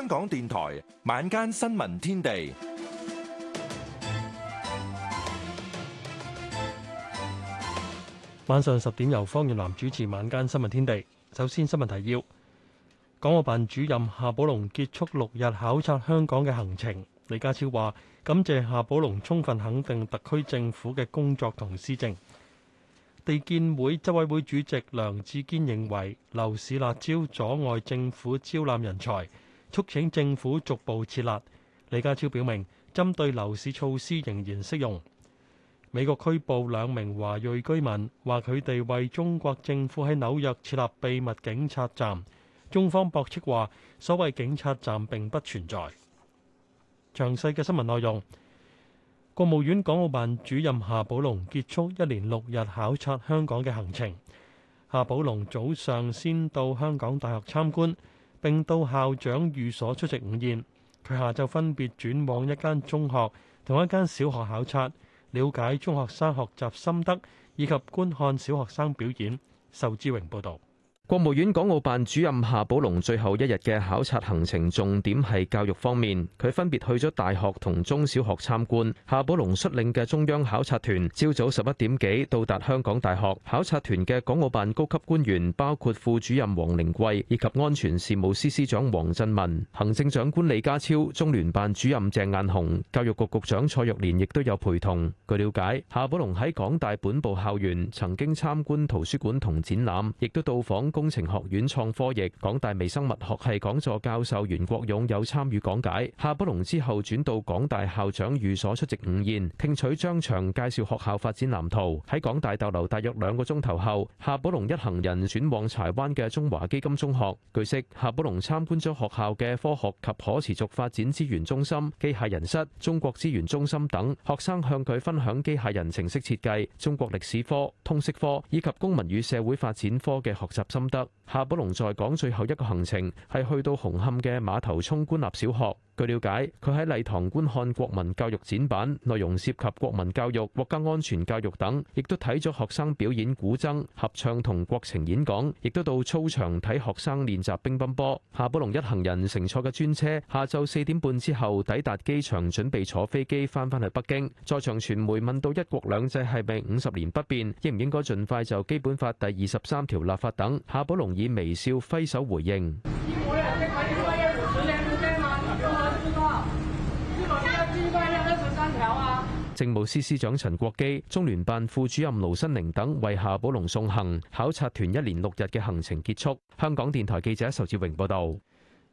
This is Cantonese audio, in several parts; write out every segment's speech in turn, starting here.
香港電台晚間新聞天地，晚上十點由方遠南主持。晚間新聞天地，首先新聞提要：港澳辦主任夏寶龍結束六日考察香港嘅行程。李家超話感謝夏寶龍，充分肯定特區政府嘅工作同施政。地建會執委會主席梁志堅認為樓市辣招阻礙政府招攬人才。促請政府逐步設立。李家超表明，針對樓市措施仍然適用。美國拘捕兩名華裔居民，話佢哋為中國政府喺紐約設立秘密警察站。中方駁斥話，所謂警察站並不存在。詳細嘅新聞內容，國務院港澳辦主任夏寶龍結束一連六日考察香港嘅行程。夏寶龍早上先到香港大學參觀。並到校長寓所出席午宴。佢下晝分別轉往一間中學同一間小學考察，了解中學生學習心得以及觀看小學生表演。仇志榮報導。國務院港澳辦主任夏寶龍最後一日嘅考察行程重點係教育方面，佢分別去咗大學同中小學參觀。夏寶龍率領嘅中央考察團朝早十一點幾到達香港大學，考察團嘅港澳辦高級官員包括副主任王靈桂，以及安全事務司司長黃振文、行政長官李家超、中聯辦主任鄭雁雄、教育局局長蔡若蓮，亦都有陪同。據了解，夏寶龍喺港大本部校園曾經參觀圖書館同展覽，亦都到訪。工程學院創科翼，港大微生物學系講座教授袁國勇有參與講解。夏寶龍之後轉到港大校長寓所出席午宴，聽取張翔介紹學校發展藍圖。喺港大逗留大約兩個鐘頭後，夏寶龍一行人轉往柴灣嘅中華基金中學。據悉，夏寶龍參觀咗學校嘅科學及可持續發展資源中心、機械人室、中國資源中心等。學生向佢分享機械人程式設計、中國歷史科、通識科以及公民與社會發展科嘅學習心得。得夏寶龍在港最後一個行程係去到紅磡嘅馬頭涌官立小學。據了解，佢喺禮堂觀看國民教育展板，內容涉及國民教育、國家安全教育等，亦都睇咗學生表演古箏合唱同國情演講，亦都到操場睇學生練習乒乓波。夏寶龍一行人乘坐嘅專車下晝四點半之後抵達機場，準備坐飛機翻返去北京。在場傳媒問到一國兩制係咪五十年不變，應唔應該盡快就基本法第二十三條立法等，夏寶龍以微笑揮手回應。政務司司長陳國基、中聯辦副主任盧新寧等為夏寶龍送行。考察團一連六日嘅行程結束。香港電台記者仇志榮報道。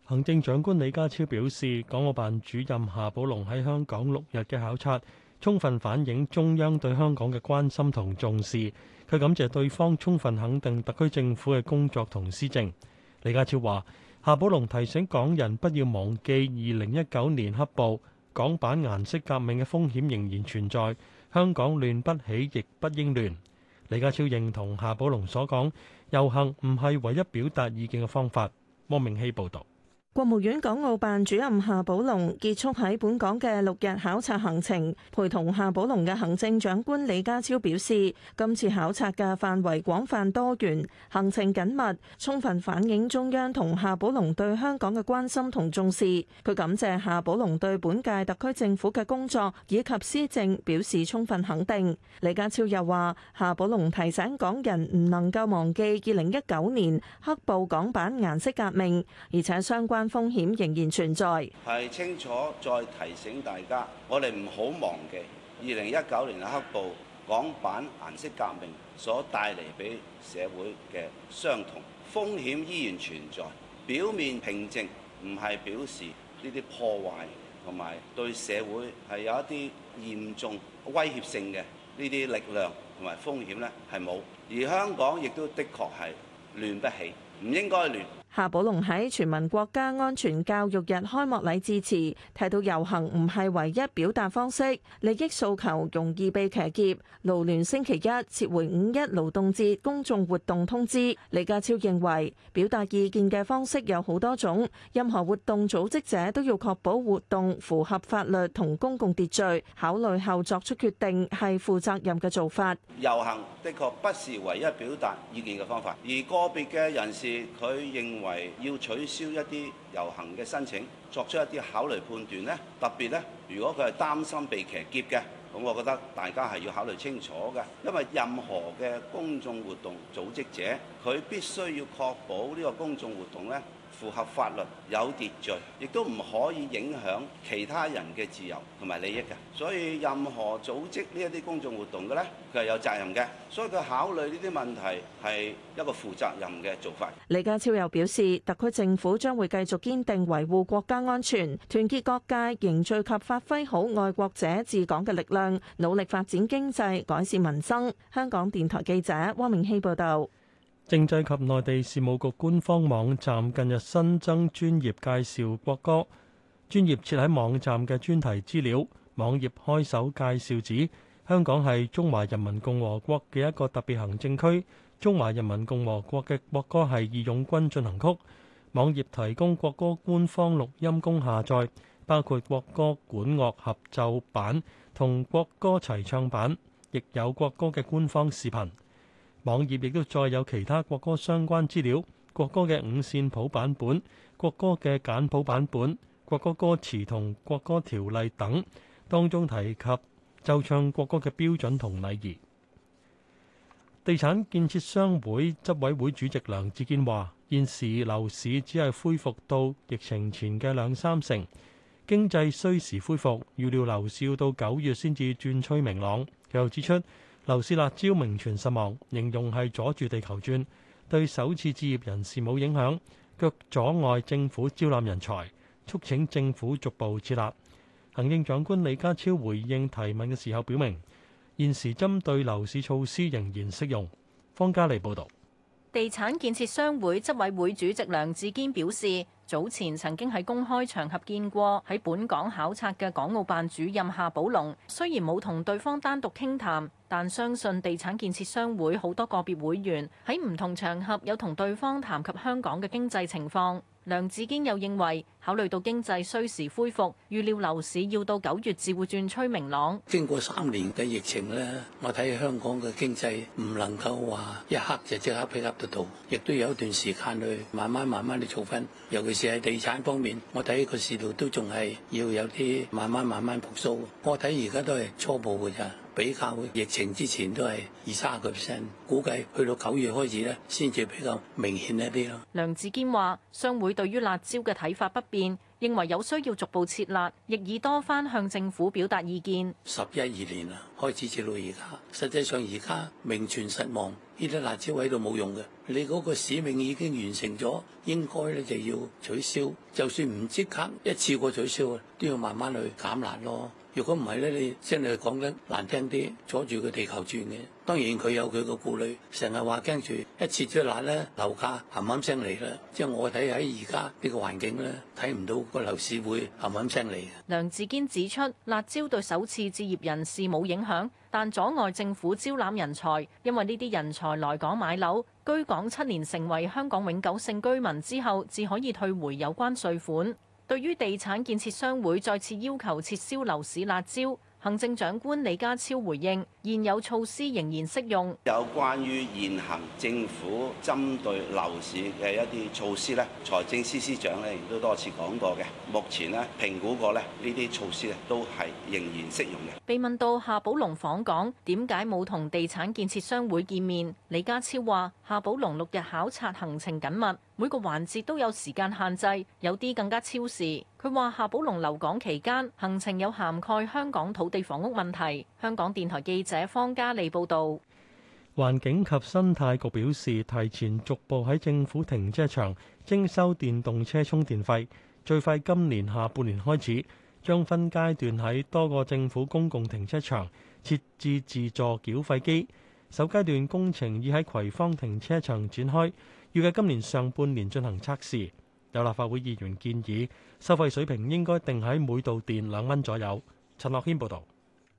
行政長官李家超表示，港澳辦主任夏寶龍喺香港六日嘅考察，充分反映中央對香港嘅關心同重視。佢感謝對方充分肯定特區政府嘅工作同施政。李家超話，夏寶龍提醒港人不要忘記二零一九年黑暴。港版顏色革命嘅風險仍然存在，香港亂不起，亦不應亂。李家超認同夏寶龍所講，遊行唔係唯一表達意見嘅方法。汪明希報導。國務院港澳辦主任夏寶龍結束喺本港嘅六日考察行程，陪同夏寶龍嘅行政長官李家超表示，今次考察嘅範圍廣泛多元，行程緊密，充分反映中央同夏寶龍對香港嘅關心同重視。佢感謝夏寶龍對本屆特區政府嘅工作以及施政表示充分肯定。李家超又話：夏寶龍提醒港人唔能夠忘記二零一九年黑暴港版顏色革命，而且相關風險仍然存在，係清楚再提醒大家，我哋唔好忘記，二零一九年嘅黑暴、港版顏色革命所帶嚟俾社會嘅傷痛，風險依然存在。表面平靜唔係表示呢啲破壞同埋對社會係有一啲嚴重威脅性嘅呢啲力量同埋風險咧，係冇，而香港亦都的確係亂不起，唔應該亂。夏寶龍喺全民國家安全教育日開幕禮致辭，提到遊行唔係唯一表達方式，利益訴求容易被騎劫。勞聯星期一撤回五一勞動節公眾活動通知。李家超認為，表達意見嘅方式有好多種，任何活動組織者都要確保活動符合法律同公共秩序，考慮後作出決定係負責任嘅做法。遊行的確不是唯一表達意見嘅方法，而個別嘅人士佢認為。為要取消一啲遊行嘅申請，作出一啲考慮判斷咧，特別咧，如果佢係擔心被騎劫嘅，咁我覺得大家係要考慮清楚嘅，因為任何嘅公眾活動組織者，佢必須要確保呢個公眾活動咧。符合法律，有秩序，亦都唔可以影響其他人嘅自由同埋利益嘅，所以任何組織呢一啲公眾活動嘅咧，佢係有責任嘅。所以佢考慮呢啲問題，係一個負責任嘅做法。李家超又表示，特區政府將會繼續堅定維護國家安全，團結各界，凝聚及發揮好愛國者治港嘅力量，努力發展經濟，改善民生。香港電台記者汪明熙報道。政制及內地事務局官方網站近日新增專業介紹國歌，專業設喺網站嘅專題資料網頁開首介紹指，香港係中華人民共和國嘅一個特別行政區，中華人民共和國嘅國歌係《義勇軍進行曲》。網頁提供國歌官方錄音供下載，包括國歌管樂合奏版同國歌齊唱版，亦有國歌嘅官方視頻。網頁亦都再有其他國歌相關資料，國歌嘅五線譜版本、國歌嘅簡譜版本、國歌歌詞同國歌條例等，當中提及奏唱國歌嘅標準同禮儀。地產建設商會執委會主席梁志堅話：現時樓市只係恢復到疫情前嘅兩三成，經濟需時恢復，預料樓市到九月先至轉趨明朗。佢又指出，樓市辣招名存實亡，形容係阻住地球轉，對首次置業人士冇影響，卻阻礙政府招攬人才，促請政府逐步設立。行政長官李家超回應提問嘅時候，表明現時針對樓市措施仍然適用。方家利報道。地產建設商會執委會主席梁志堅表示。早前曾經喺公開場合見過喺本港考察嘅港澳辦主任夏寶龍，雖然冇同對方單獨傾談，但相信地產建設商會好多個別會員喺唔同場合有同對方談及香港嘅經濟情況。梁志堅又認為，考慮到經濟需時恢復，預料樓市要到九月至會轉趨明朗。經過三年嘅疫情咧，我睇香港嘅經濟唔能夠話一刻就即刻配合得到，亦都有一段時間去慢慢慢慢去組分。尤其是喺地產方面，我睇個市道都仲係要有啲慢慢慢慢復甦。我睇而家都係初步嘅咋。比較疫情之前都係二三十個 percent，估計去到九月開始咧，先至比較明顯一啲咯。梁志堅話：商會對於辣椒嘅睇法不變，認為有需要逐步撤辣，亦已多番向政府表達意見。十一二年啦，開始至到而家。實際上而家名存實亡，呢啲辣椒喺度冇用嘅。你嗰個使命已經完成咗，應該咧就要取消。就算唔即刻一次過取消，都要慢慢去減辣咯。如果唔係咧，你真係講得難聽啲，阻住佢地球轉嘅。當然佢有佢個顧慮，成日話驚住一撤咗辣咧，樓價冚冚聲嚟啦。即係我睇喺而家呢個環境咧，睇唔到個樓市會冚冚聲嚟。梁志堅指出，辣椒對首次置業人士冇影響，但阻礙政府招攬人才，因為呢啲人才來港買樓，居港七年成為香港永久性居民之後，至可以退回有關稅款。對於地產建設商會再次要求撤銷樓市辣招，行政長官李家超回應：現有措施仍然適用。有關於現行政府針對樓市嘅一啲措施咧，財政司司長咧亦都多次講過嘅，目前咧評估過咧呢啲措施咧都係仍然適用嘅。被問到夏寶龍訪港點解冇同地產建設商會見面，李家超話：夏寶龍六日考察行程緊密。每個環節都有時間限制，有啲更加超時。佢話夏寶龍留港期間行程有涵蓋香港土地房屋問題。香港電台記者方嘉利報導。環境及生態局表示，提前逐步喺政府停車場徵收電動車充電費，最快今年下半年開始，將分階段喺多個政府公共停車場設置自助繳費機。首階段工程已喺葵芳停車場展開。預計今年上半年進行測試。有立法會議員建議，收費水平應該定喺每度電兩蚊左右。陳樂軒報道。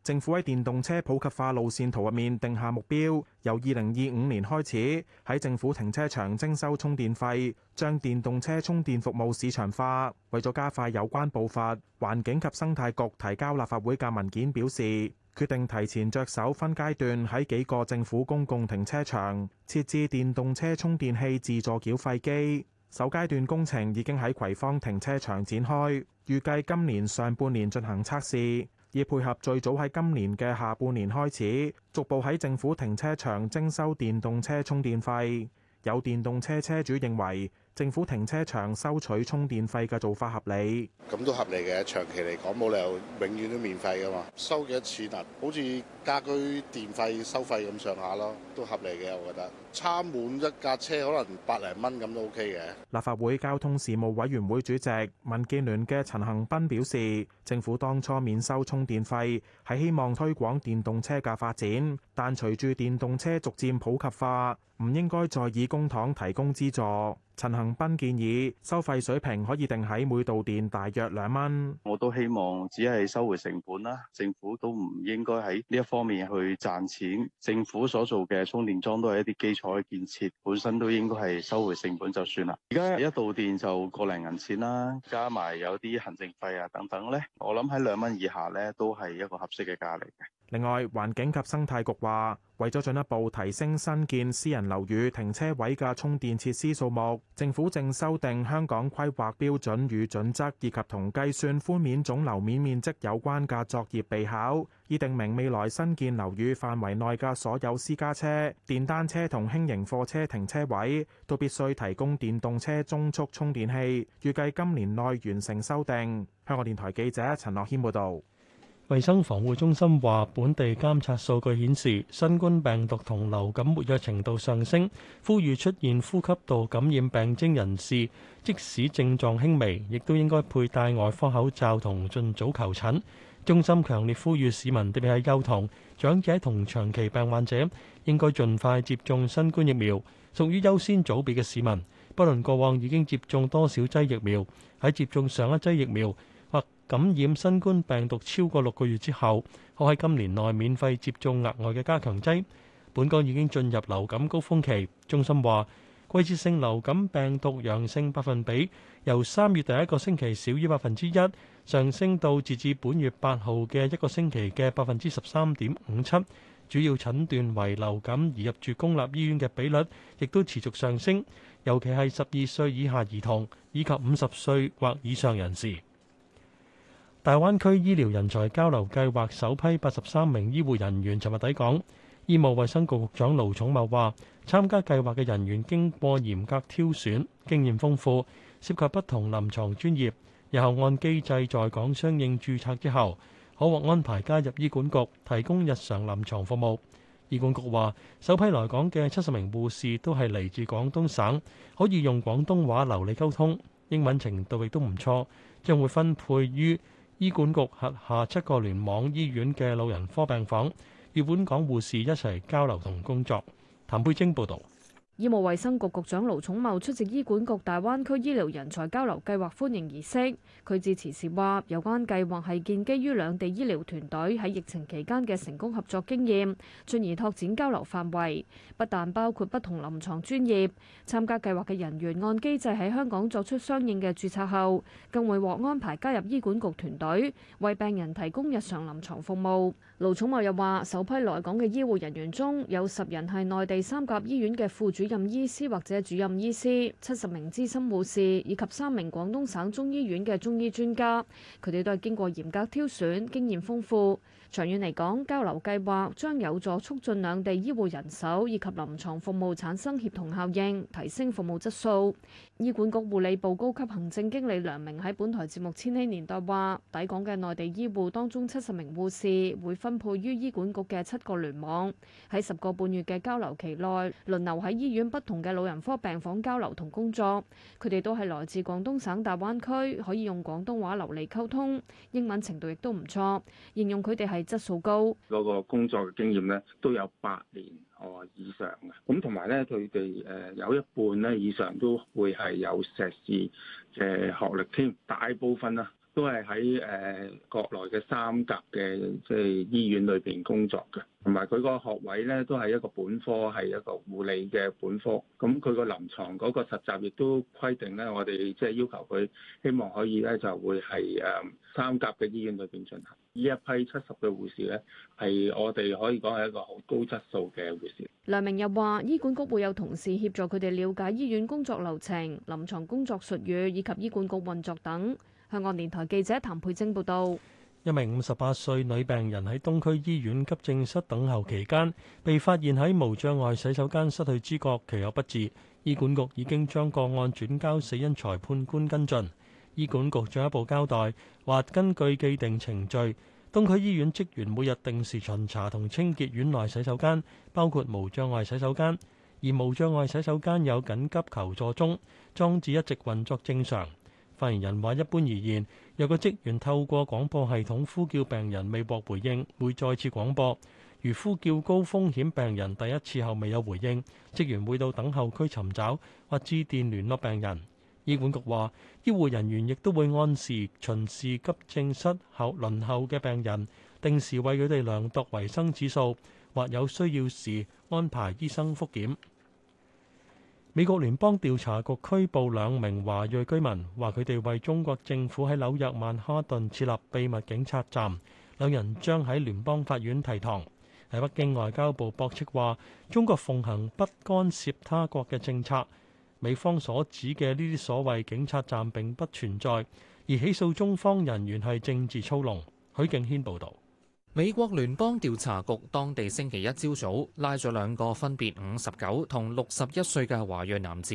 政府喺電動車普及化路線圖入面定下目標，由二零二五年開始喺政府停車場徵收充電費，將電動車充電服務市場化。為咗加快有關步伐，環境及生態局提交立法會嘅文件表示。決定提前着手分階段喺幾個政府公共停車場設置電動車充電器自助繳費機。首階段工程已經喺葵芳停車場展開，預計今年上半年進行測試，以配合最早喺今年嘅下半年開始，逐步喺政府停車場徵收電動車充電費。有電動車車主認為，政府停車場收取充電費嘅做法合理，咁都合理嘅。長期嚟講冇理由永遠都免費㗎嘛，收幾次、啊，但好似家居電費收費咁上下咯，都合理嘅。我覺得差滿一架車可能百零蚊咁都 OK 嘅。立法會交通事務委員會主席民建聯嘅陳恒斌表示，政府當初免收充電費係希望推廣電動車嘅發展，但隨住電動車逐漸普及化，唔應該再以公帑提供資助。陳恒鑌建議收費水平可以定喺每度電大約兩蚊。我都希望只係收回成本啦，政府都唔應該喺呢一方面去賺錢。政府所做嘅充電樁都係一啲基礎嘅建設，本身都應該係收回成本就算啦。而家一度電就個零銀錢啦，加埋有啲行政費啊等等咧，我諗喺兩蚊以下咧都係一個合適嘅價嚟嘅。另外，環境及生態局話，為咗進一步提升新建私人樓宇停車位嘅充電設施數目，政府正修訂香港規劃標準與準則，以及同計算寬免總樓面面積有關嘅作業備考，以定明未來新建樓宇範圍內嘅所有私家車、電單車同輕型貨車停車位都必須提供電動車中速充電器。預計今年內完成修訂。香港電台記者陳樂軒報導。衛生防護中心話，本地監察數據顯示，新冠病毒同流感活躍程度上升。呼籲出現呼吸道感染病徵人士，即使症狀輕微，亦都應該佩戴外科口罩同盡早求診。中心強烈呼籲市民，特別係幼童、長者同長期病患者，應該盡快接種新冠疫苗，屬於優先組別嘅市民，不論過往已經接種多少劑疫苗，喺接種上一劑疫苗或感染新冠病毒超過六個月之後，可喺今年內免費接種額外嘅加強劑。本港已經進入流感高峰期，中心話季節性流感病毒陽性百分比由三月第一個星期少於百分之一，上升到截至本月八號嘅一個星期嘅百分之十三點五七。主要診斷為流感而入住公立醫院嘅比率亦都持續上升，尤其係十二歲以下兒童以及五十歲或以上人士。大灣區醫療人才交流計劃首批八十三名醫護人員尋日抵港，醫務衛生局局長盧寵茂話，參加計劃嘅人員經過嚴格挑選，經驗豐富，涉及不同臨牀專業，日後按機制在港相應注冊之後，可獲安排加入醫管局，提供日常臨牀服務。醫管局話，首批來港嘅七十名護士都係嚟自廣東省，可以用廣東話流利溝通，英文程度亦都唔錯，將會分配於醫管局轄下七個聯網醫院嘅老人科病房，與本港護士一齊交流同工作。譚佩晶報道。醫務衛生局局長盧寵茂出席醫管局大灣區醫療人才交流計劃歡迎儀式，佢致辭時話：有關計劃係建基於兩地醫療團隊喺疫情期間嘅成功合作經驗，進而拓展交流範圍，不但包括不同臨床專業，參加計劃嘅人員按機制喺香港作出相應嘅註冊後，更會獲安排加入醫管局團隊，為病人提供日常臨床服務。盧寵茂又話：首批來港嘅醫護人員中有十人係內地三甲醫院嘅副主任醫師或者主任醫師，七十名資深護士以及三名廣東省中醫院嘅中醫專家。佢哋都係經過嚴格挑選，經驗豐富。長遠嚟講，交流計劃將有助促進兩地醫護人手以及臨牀服務產生協同效應，提升服務質素。醫管局護理部高級行政經理梁明喺本台節目《千禧年代》話：抵港嘅內地醫護當中，七十名護士會分配於醫管局嘅七個聯網。喺十個半月嘅交流期內，輪流喺醫院不同嘅老人科病房交流同工作。佢哋都係來自廣東省大灣區，可以用廣東話流利溝通，英文程度亦都唔錯。形容佢哋係。質素高，嗰個工作嘅經驗咧都有八年哦以上嘅，咁同埋咧佢哋誒有一半咧以上都會係有碩士嘅學歷添，大部分啦。都係喺誒國內嘅三甲嘅，即係醫院裏邊工作嘅。同埋佢個學位咧，都係一個本科，係一個護理嘅本科。咁佢個臨床嗰個實習亦都規定咧，我哋即係要求佢希望可以咧，就會係誒三甲嘅醫院裏邊進行。呢一批七十嘅護士咧，係我哋可以講係一個好高質素嘅護士。梁明又話：醫管局會有同事協助佢哋了解醫院工作流程、臨床工作術語以及醫管局運作等。香港電台記者譚佩晶報道。一名五十八歲女病人喺東區醫院急症室等候期間被發現喺無障礙洗手間失去知覺，其有不治。醫管局已經將個案轉交死因裁判官跟進，醫管局進一步交代，話，根據既定程序，東區醫院職員每日定時巡查同清潔院內洗手間，包括無障礙洗手間，而無障礙洗手間有緊急求助鐘裝置一直運作正常。發言人話：一般而言，有個職員透過廣播系統呼叫病人未獲回應，會再次廣播；如呼叫高風險病人第一次後未有回應，職員會到等候區尋找或致電聯絡病人。醫管局話：醫護人員亦都會按時巡視急症室後輪候嘅病人，定時為佢哋量度維生指數，或有需要時安排醫生復檢。美國聯邦調查局拘捕兩名華裔居民，話佢哋為中國政府喺紐約曼哈頓設立秘密警察站。兩人將喺聯邦法院提堂。喺北京外交部駁斥話：中國奉行不干涉他國嘅政策，美方所指嘅呢啲所謂警察站並不存在，而起訴中方人員係政治操弄。許敬軒報導。美國聯邦調查局當地星期一朝早拉咗兩個分別五十九同六十一歲嘅華裔男子，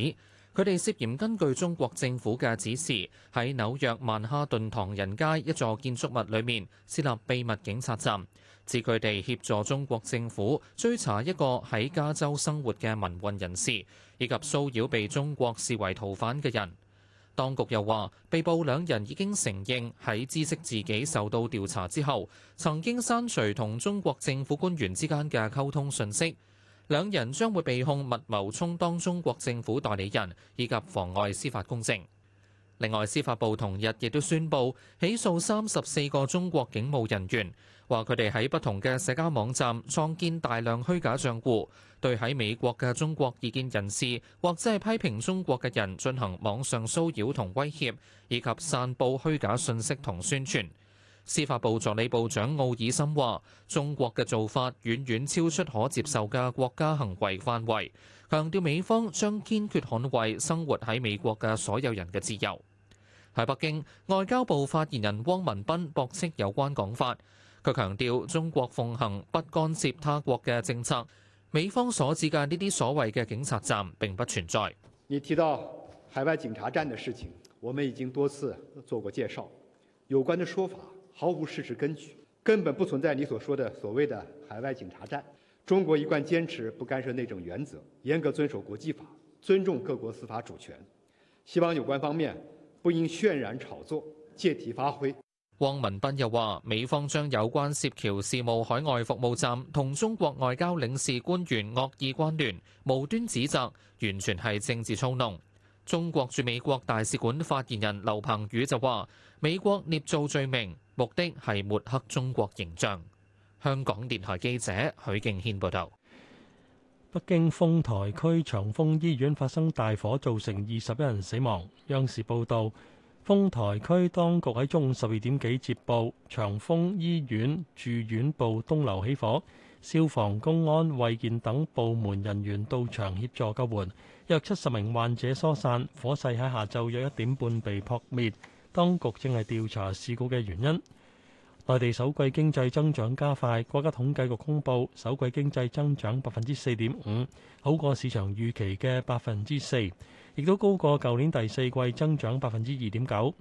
佢哋涉嫌根據中國政府嘅指示喺紐約曼哈頓唐人街一座建築物裏面設立秘密警察站，指佢哋協助中國政府追查一個喺加州生活嘅民運人士，以及騷擾被中國視為逃犯嘅人。當局又話，被捕兩人已經承認喺知悉自己受到調查之後，曾經刪除同中國政府官員之間嘅溝通信息。兩人將會被控密謀充當中國政府代理人以及妨礙司法公正。另外，司法部同日亦都宣布起訴三十四個中國警務人員。話佢哋喺不同嘅社交網站創建大量虛假賬戶，對喺美國嘅中國異見人士或者係批評中國嘅人進行網上騷擾同威脅，以及散佈虛假信息同宣傳。司法部助理部長奧爾森話，中國嘅做法遠遠超出可接受嘅國家行為範圍，強調美方將堅決捍衞生活喺美國嘅所有人嘅自由。喺北京，外交部發言人汪文斌駁斥有關講法。佢強調中國奉行不干涉他國嘅政策，美方所指嘅呢啲所謂嘅警察站並不存在。你提到海外警察站的事情，我們已經多次做過介紹，有關的說法毫無事實根據，根本不存在你所說的所謂的海外警察站。中國一貫堅持不干涉內政原則，嚴格遵守國際法，尊重各國司法主權，希望有關方面不應渲染炒作，借題發揮。汪文斌又話：美方將有關涉僑事務海外服務站同中國外交領事官員惡意關聯、無端指責，完全係政治操弄。中國駐美國大使館發言人劉鵬宇就話：美國捏造罪名，目的係抹黑中國形象。香港電台記者許敬軒報道。北京豐台區長峰醫院發生大火，造成二十一人死亡。央視報道。豐台區當局喺中午十二點幾接報，長峰醫院住院部東樓起火，消防、公安、衛健等部門人員到場協助救援，約七十名患者疏散，火勢喺下晝約一點半被撲滅，當局正係調查事故嘅原因。內地首季經濟增長加快，國家統計局公佈首季經濟增長百分之四點五，好過市場預期嘅百分之四，亦都高過舊年第四季增長百分之二點九。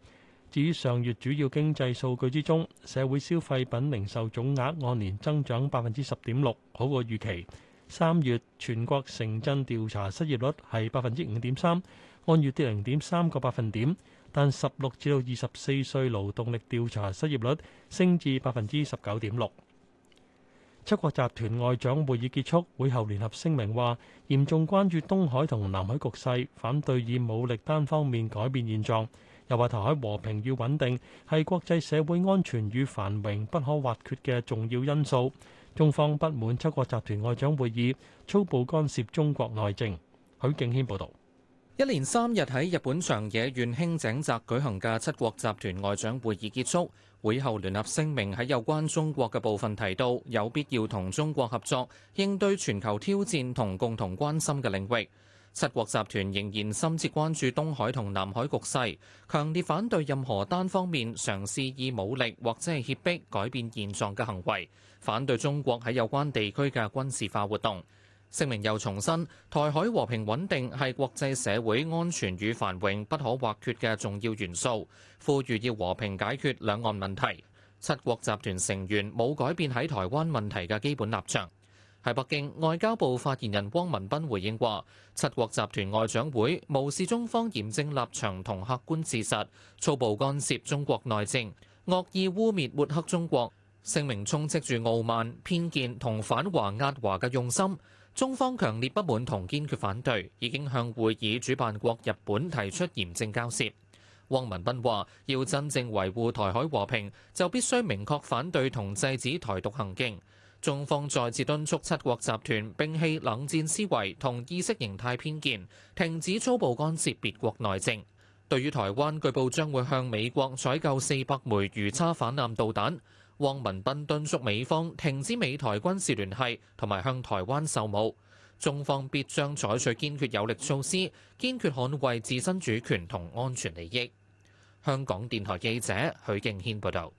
至於上月主要經濟數據之中，社會消費品零售總額按年增長百分之十點六，好過預期。三月全國城鎮調查失業率係百分之五點三，按月跌零點三個百分點。但十六至到二十四歲勞動力調查失業率升至百分之十九點六。七國集團外長會議結束，會後聯合聲明話，嚴重關注東海同南海局勢，反對以武力單方面改變現狀。又話台海和平與穩定係國際社會安全與繁榮不可或缺嘅重要因素。中方不滿七國集團外長會議粗暴干涉中國內政。許敬軒報導。一連三日喺日本長野縣輕井澤舉行嘅七國集團外長會議結束，會後聯合聲明喺有關中國嘅部分提到，有必要同中國合作應對全球挑戰同共同關心嘅領域。七國集團仍然深切關注東海同南海局勢，強烈反對任何單方面嘗試以武力或者係脅迫改變現狀嘅行為，反對中國喺有關地區嘅軍事化活動。聲明又重申，台海和平穩定係國際社會安全與繁榮不可或缺嘅重要元素，呼籲要和平解決兩岸問題。七國集團成員冇改變喺台灣問題嘅基本立場。喺北京，外交部發言人汪文斌回應話，七國集團外長會無視中方嚴正立場同客觀事實，粗暴干涉中國內政，惡意污蔑抹抹黑中國。聲明充斥住傲慢、偏見同反華壓華嘅用心。中方強烈不滿同堅決反對，已經向會議主辦國日本提出嚴正交涉。汪文斌話：要真正維護台海和平，就必須明確反對同制止台獨行徑。中方再次敦促七國集團摒棄冷戰思維同意識形態偏見，停止粗暴干涉別國內政。對於台灣，據報將會向美國採購四百枚魚叉反艦導彈。汪文斌敦促美方停止美台軍事聯繫，同埋向台灣售武，中方必將採取堅決有力措施，堅決捍衛自身主權同安全利益。香港電台記者許敬軒報導。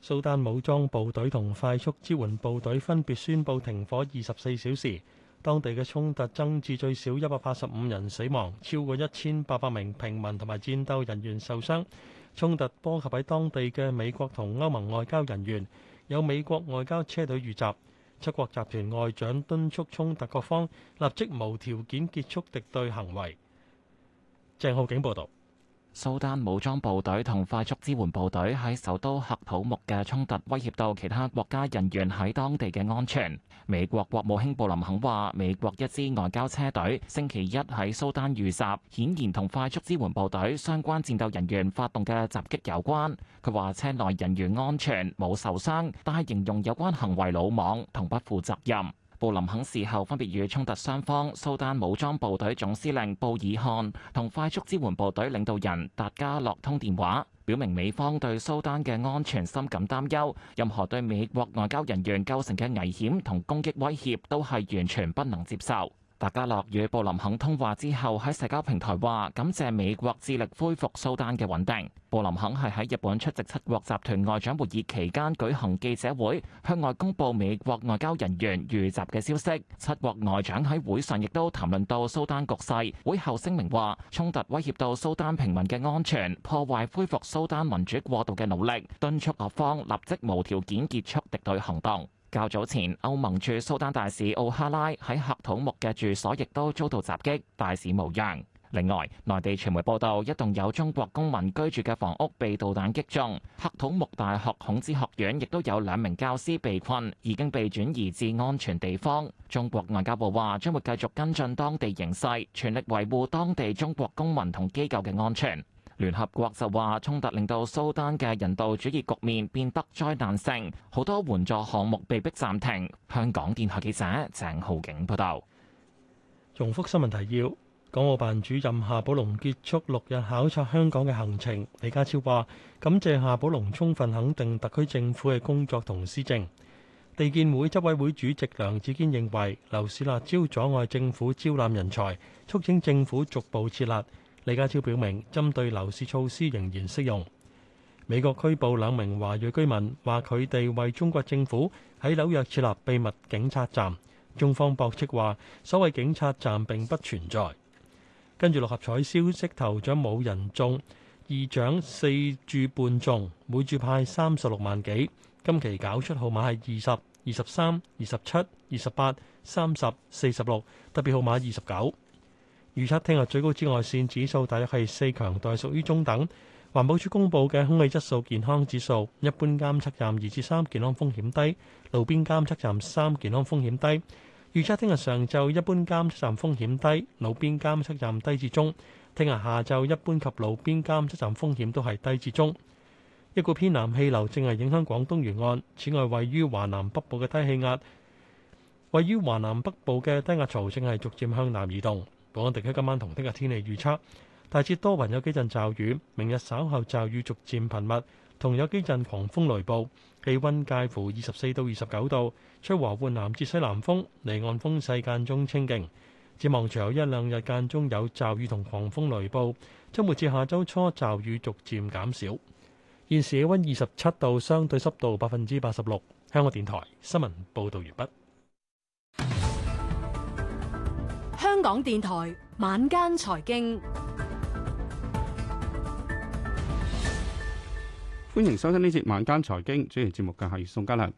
蘇丹武裝部隊同快速支援部隊分別宣布停火二十四小時，當地嘅衝突增至最少一百八十五人死亡，超過一千八百名平民同埋戰鬥人員受傷。衝突波及喺當地嘅美國同歐盟外交人員，有美國外交車隊遇襲。七國集團外長敦促衝突各方立即無條件結束敵對行為。鄭浩景報導。蘇丹武裝部隊同快速支援部隊喺首都喀土穆嘅衝突，威脅到其他國家人員喺當地嘅安全。美國國務卿布林肯話：美國一支外交車隊星期一喺蘇丹遇襲，顯然同快速支援部隊相關戰鬥人員發動嘅襲擊有關。佢話車內人員安全冇受傷，但係形容有關行為魯莽同不負責任。布林肯事後分別與衝突雙方蘇丹武裝部隊總司令布爾漢同快速支援部隊領導人達加洛通電話，表明美方對蘇丹嘅安全深感擔憂，任何對美國外交人員構成嘅危險同攻擊威脅都係完全不能接受。達加洛與布林肯通話之後喺社交平台話感謝美國致力恢復蘇丹嘅穩定。布林肯係喺日本出席七國集團外長會議期間舉行記者會向外公布美國外交人員遇襲嘅消息。七國外長喺會上亦都談論到蘇丹局勢會後聲明話衝突威脅到蘇丹平民嘅安全，破壞恢復蘇丹民主過渡嘅努力，敦促各方立即無條件結束敵對行動。較早前，歐盟駐蘇丹大使奧哈拉喺喀土穆嘅住所亦都遭到襲擊，大使無恙。另外，內地傳媒報道，一棟有中國公民居住嘅房屋被導彈擊中，喀土穆大學孔子學院亦都有兩名教師被困，已經被轉移至安全地方。中國外交部話，將會繼續跟進當地形勢，全力維護當地中國公民同機構嘅安全。聯合國就話，衝突令到蘇丹嘅人道主義局面變得災難性，好多援助項目被迫暫停。香港電台記者鄭浩景報道。重複新聞提要，港澳辦主任夏寶龍結束六日考察香港嘅行程。李家超話感謝夏寶龍充分肯定特區政府嘅工作同施政。地建會執委會主席梁志堅認為，樓市辣招阻礙政府招攬人才，促請政府逐步撤辣。李家超表明，針對樓市措施仍然適用。美國拘捕兩名華裔居民，話佢哋為中國政府喺紐約設立秘密警察站。中方駁斥話，所謂警察站並不存在。跟住六合彩消息，頭獎冇人中，二獎四注半中，每注派三十六萬幾。今期攪出號碼係二十、二十三、二十七、二十八、三十四、十六，特別號碼二十九。預測聽日最高紫外線指數大約係四，強度屬於中等。環保署公佈嘅空氣質素健康指數，一般監測站二至三，健康風險低；路邊監測站三，健康風險低。預測聽日上晝一般監測站風險低，路邊監測站低至中。聽日下晝一般及路邊監測站風險都係低至中。一股偏南氣流正係影響廣東沿岸，此外位於華南北部嘅低氣壓，位於華南北部嘅低壓槽正係逐漸向南移動。港地區今晚同聽日天氣預測，大致多雲有幾陣驟雨，明日稍後驟雨逐漸頻密，同有幾陣狂風雷暴，氣溫介乎二十四到二十九度，吹和緩南至西南風，離岸風勢間中清勁。展望隨後一兩日間中有驟雨同狂風雷暴，周末至下周初驟雨逐漸減少。現時氣溫二十七度，相對濕度百分之八十六。香港電台新聞報道完畢。香港電台晚間財經，歡迎收聽呢節晚間財經主持節目嘅係宋嘉良。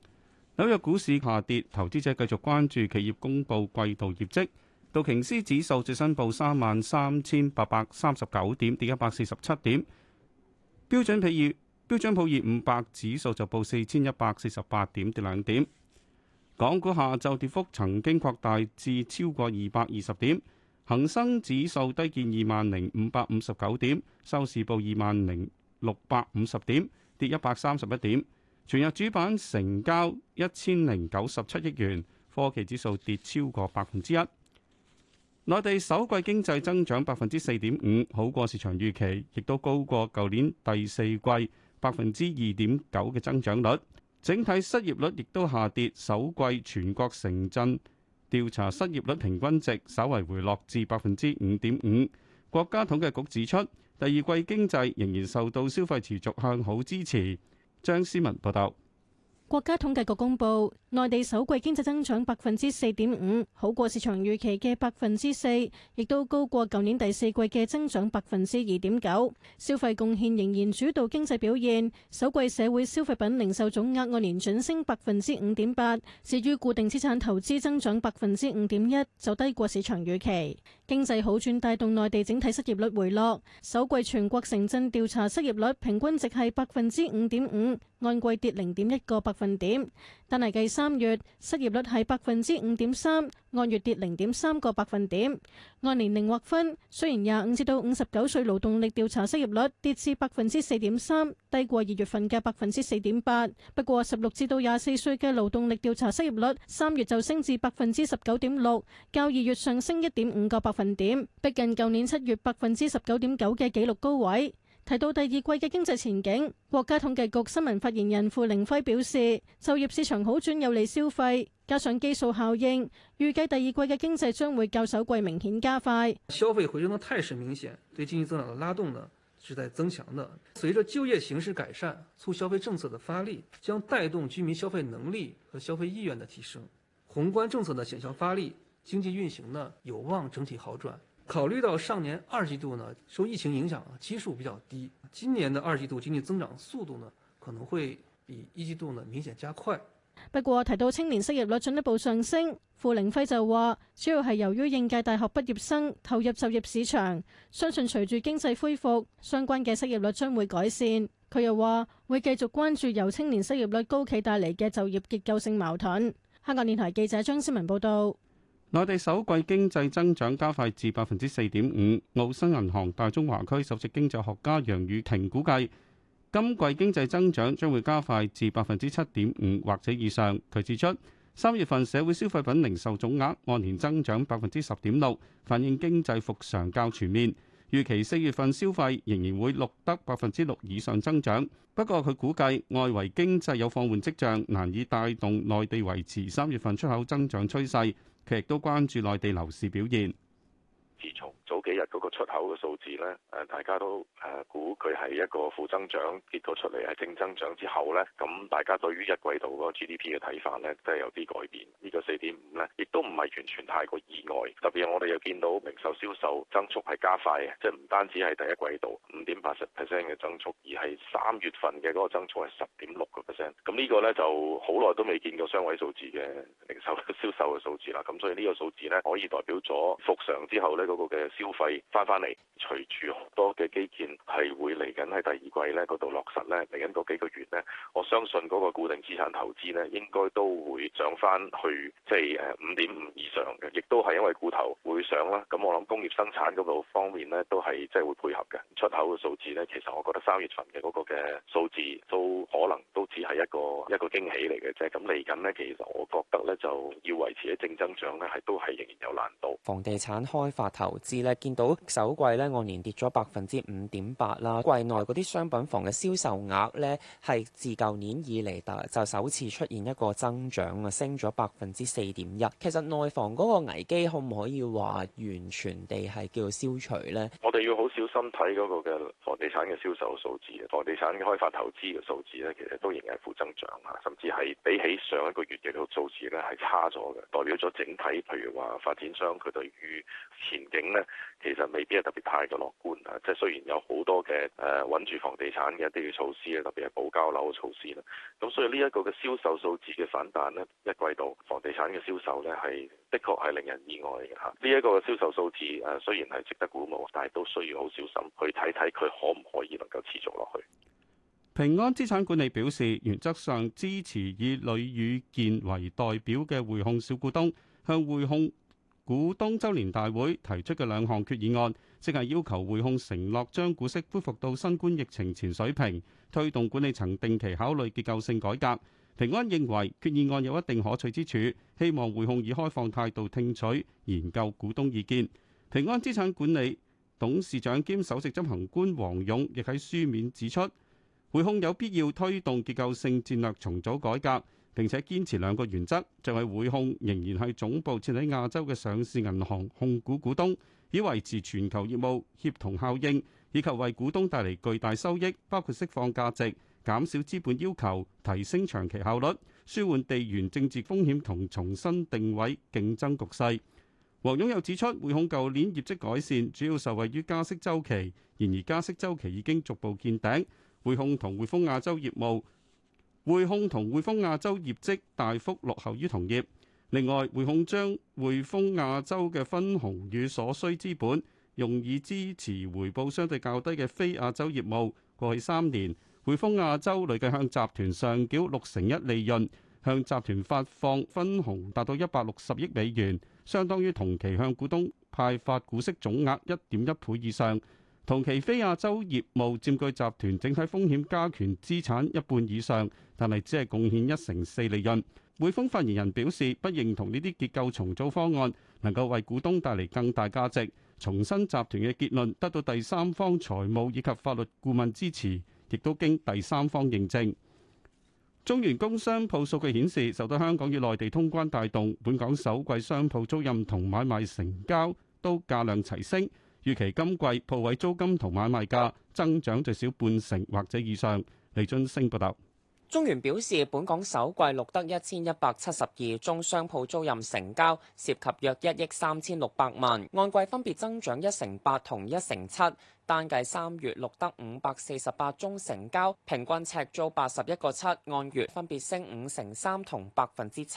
紐約股市下跌，投資者繼續關注企業公佈季度業績。道瓊斯指數最新報三萬三千八百三十九點，跌一百四十七點。標準普爾，標準普爾五百指數就報四千一百四十八點，跌兩點。港股下晝跌幅曾經擴大至超過二百二十點，恒生指數低見二萬零五百五十九點，收市報二萬零六百五十點，跌一百三十一點。全日主板成交一千零九十七億元，科技指數跌超過百分之一。內地首季經濟增長百分之四點五，好過市場預期，亦都高過舊年第四季百分之二點九嘅增長率。整體失業率亦都下跌，首季全國城鎮調查失業率平均值稍為回落至百分之五點五。國家統計局指出，第二季經濟仍然受到消費持續向好支持。張思文報道。國家統計局公布，內地首季經濟增長百分之四點五，好過市場預期嘅百分之四，亦都高過舊年第四季嘅增長百分之二點九。消費貢獻仍然主導經濟表現，首季社會消費品零售總額按年轉升百分之五點八，至於固定資產投資增長百分之五點一，就低過市場預期。經濟好轉帶動內地整體失業率回落，首季全國城鎮調查失業率平均值係百分之五點五。按季跌零點一個百分點，但係計三月失業率係百分之五點三，按月跌零點三個百分點。按年齡劃分，雖然廿五至到五十九歲勞動力調查失業率跌至百分之四點三，低過二月份嘅百分之四點八。不過十六至到廿四歲嘅勞動力調查失業率三月就升至百分之十九點六，較二月上升一點五個百分點，逼近舊年七月百分之十九點九嘅紀錄高位。提到第二季嘅經濟前景，國家統計局新聞發言人付凌暉表示，就業市場好轉有利消費，加上基數效應，預計第二季嘅經濟將會較首季明顯加快。消費回升的態勢明顯，對經濟增長嘅拉動呢是在增強的。隨着就業形勢改善，促消費政策的發力，將帶動居民消費能力和消費意願的提升，宏觀政策的顯效發力，經濟運行呢有望整體好轉。考慮到上年二季度呢，受疫情影響，基數比較低，今年的二季度經濟增長速度呢，可能會比一季度呢明顯加快。不過提到青年失業率進一步上升，付凌暉就話，主要係由於應屆大學畢業生投入就業市場，相信隨住經濟恢復，相關嘅失業率將會改善。佢又話，會繼續關注由青年失業率高企帶嚟嘅就業結構性矛盾。香港電台記者張思文報道。內地首季經濟增長加快至百分之四點五，澳新銀行大中華區首席經濟學家楊宇霆估計，今季經濟增長將會加快至百分之七點五或者以上。佢指出，三月份社會消費品零售總額按年增長百分之十點六，反映經濟復常較全面。預期四月份消費仍然會錄得百分之六以上增長。不過，佢估計外圍經濟有放緩跡象，難以帶動內地維持三月份出口增長趨勢。佢亦都關注內地樓市表現。自從早幾日嗰個出口嘅數字呢，誒大家都誒估佢係一個負增長，結果出嚟係正增長之後呢，咁大家對於一季度嗰 GDP 嘅睇法呢，都係有啲改變。呢個四點五呢，亦都唔係完全太過意外。特別係我哋又見到零售銷售增速係加快嘅，即係唔單止係第一季度五點八十 percent 嘅增速，而係三月份嘅嗰個增速係十點六個 percent。咁呢個呢，就好耐都未見過雙位數字嘅零售銷售嘅數字啦。咁所以呢個數字呢，可以代表咗復常之後呢。嗰個嘅消費翻翻嚟，隨住好多嘅基建係會嚟緊喺第二季咧嗰度落實咧，嚟緊嗰幾個月咧，我相信嗰個固定資產投資咧應該都會漲翻去，即係誒五點五以上嘅，亦都係因為股頭會上啦。咁我諗工業生產嗰度方面咧都係即係會配合嘅。出口嘅數字咧，其實我覺得三月份嘅嗰個嘅數字都可能都只係一個一個驚喜嚟嘅啫。咁嚟緊咧，其實我覺得咧就要維持喺正增長咧，係都係仍然有難度。房地產開發投資咧，見到首季咧按年跌咗百分之五點八啦。季內嗰啲商品房嘅銷售額咧，係自舊年以嚟就首次出現一個增長啊，升咗百分之四點一。其實內房嗰個危機可唔可以話完全地係叫消除咧？我哋要好少。今睇嗰個嘅房地產嘅銷售數字，房地產嘅開發投資嘅數字咧，其實都仍然係負增長嚇，甚至係比起上一個月嘅數字咧係差咗嘅，代表咗整體，譬如話發展商佢對於前景咧，其實未必係特別太過樂觀嚇。即係雖然有好多嘅誒、呃、穩住房地產嘅一啲嘅措施咧，特別係保交樓嘅措施啦，咁所以呢一個嘅銷售數字嘅反彈咧，一季度房地產嘅銷售咧係。的確係令人意外嘅。呢一個銷售數字誒雖然係值得鼓舞，但係都需要好小心去睇睇佢可唔可以能夠持續落去。平安資產管理表示，原則上支持以呂宇健為代表嘅匯控小股東向匯控股東周年大會提出嘅兩項決議案，即係要求匯控承諾將股息恢復到新冠疫情前水平，推動管理層定期考慮結構性改革。平安認為決議案有一定可取之處，希望匯控以開放態度聽取研究股東意見。平安資產管理董事長兼首席執行官黃勇亦喺書面指出，匯控有必要推動結構性戰略重組改革，並且堅持兩個原則，就係匯控仍然係總部設喺亞洲嘅上市銀行控股股東，以維持全球業務協同效應，以及為股東帶嚟巨大收益，包括釋放價值，減少資本要求，提升長期效率，舒緩地緣政治風險同重新定位競爭局勢。黃勇又指出，匯控舊年業績改善主要受惠於加息周期，然而加息周期已經逐步見頂。匯控同匯豐亞洲業務，匯控同匯豐亞洲業績大幅落後於同業。另外，匯控將匯豐亞洲嘅分紅與所需資本用以支持回報相對較低嘅非亞洲業務，過去三年。匯豐亞洲累計向集團上繳六成一利潤，向集團發放分紅達到一百六十億美元，相當於同期向股東派發股息總額一點一倍以上。同期非亞洲業務佔據集團整體風險加權資產一半以上，但係只係貢獻一成四利潤。匯豐發言人表示，不認同呢啲結構重組方案能夠為股東帶嚟更大價值，重申集團嘅結論得到第三方財務以及法律顧問支持。亦都經第三方認證。中原工商鋪數據顯示，受到香港與內地通關帶動，本港首季商鋪租賃同買賣成交都價量齊升。預期今季鋪位租金同買賣價增長最少半成或者以上。李俊升報道。中原表示，本港首季錄得一千一百七十二宗商鋪租賃成交，涉及約一億三千六百萬，按季分別增長一成八同一成七。單計三月錄得五百四十八宗成交，平均尺租八十一個七，按月分別升五成三同百分之七。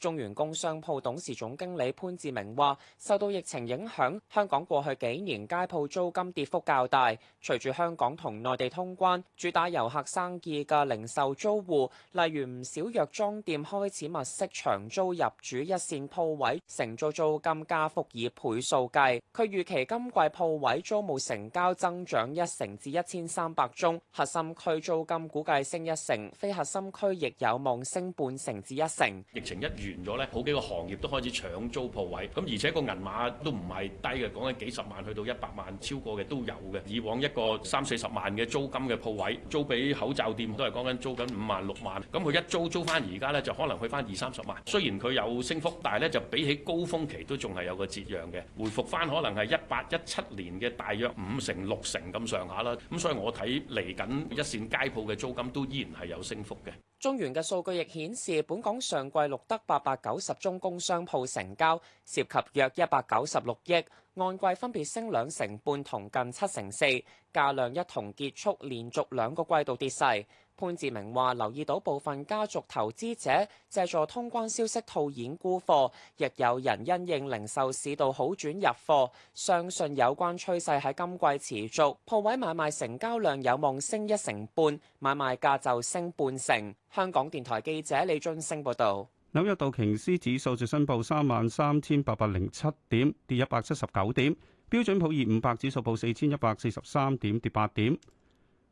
中原工商鋪董事總經理潘志明話：受到疫情影響，香港過去幾年街鋪租金跌幅較大。隨住香港同內地通關，主打遊客生意嘅零售租戶，例如唔少藥妝店開始物色長租入主一線鋪位，承租租金加幅以倍數計。佢預期今季鋪位租務成交增長一成至一千三百宗，核心區租金估計升一成，非核心區亦有望升半成至一成。疫情一完咗咧，好幾個行業都開始搶租鋪位，咁而且個銀碼都唔係低嘅，講緊幾十萬去到一百萬超過嘅都有嘅。以往一個三四十萬嘅租金嘅鋪位，租俾口罩店都係講緊租緊五萬六萬，咁佢一租租翻而家咧就可能去翻二三十萬。雖然佢有升幅，但係咧就比起高峰期都仲係有個折讓嘅，回復翻可能係一八一七年嘅大約五成六成咁上下啦。咁所以我睇嚟緊一線街鋪嘅租金都依然係有升幅嘅。中原嘅數據亦顯示，本港上季錄得八八百九十宗工商鋪成交，涉及約一百九十六億，按季分別升兩成半同近七成四，價量一同結束連續兩個季度跌勢。潘志明話：留意到部分家族投資者借助通關消息套現沽貨，亦有人因應零售市道好轉入貨，相信有關趨勢喺今季持續，鋪位買賣成交量有望升一成半，買賣價就升半成。香港電台記者李俊升報道。紐約道瓊斯指數最新報三萬三千八百零七點，跌一百七十九點。標準普爾五百指數報四千一百四十三點，跌八點。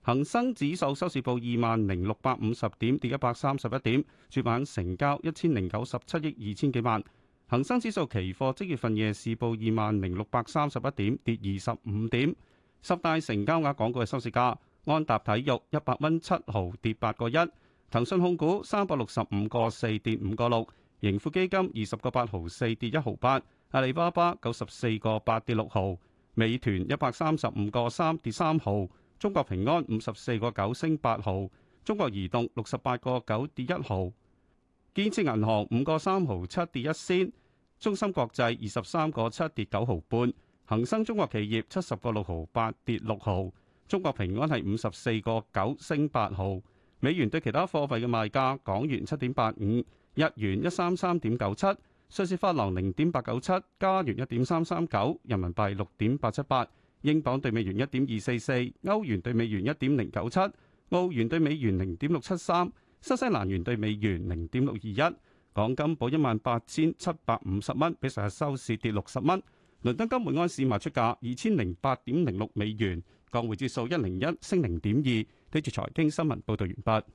恒生指數收市報二萬零六百五十點，跌一百三十一點。主板成交一千零九十七億二千幾萬。恒生指數期貨即月份夜市報二萬零六百三十一點，跌二十五點。十大成交額港股嘅收市價，安踏體育一百蚊七毫，跌八個一。騰訊控股三百六十五個四跌五個六，盈富基金二十個八毫四跌一毫八，阿里巴巴九十四個八跌六毫，美團一百三十五個三跌三毫，中國平安五十四個九升八毫，中國移動六十八個九跌一毫，建設銀行五個三毫七跌一仙，中芯國際二十三個七跌九毫半，恒生中國企業七十個六毫八跌六毫，中國平安係五十四個九升八毫。美元對其他貨幣嘅賣價：港元七點八五，日元一三三點九七，瑞士法郎零點八九七，加元一點三三九，人民幣六點八七八，英鎊對美元一點二四四，歐元對美元一點零九七，澳元對美元零點六七三，新西蘭元對美元零點六二一。港金報一萬八千七百五十蚊，比上日收市跌六十蚊。倫敦金每盎司賣出價二千零八點零六美元，港匯指數一零一，升零點二。呢段財經新聞報道完畢。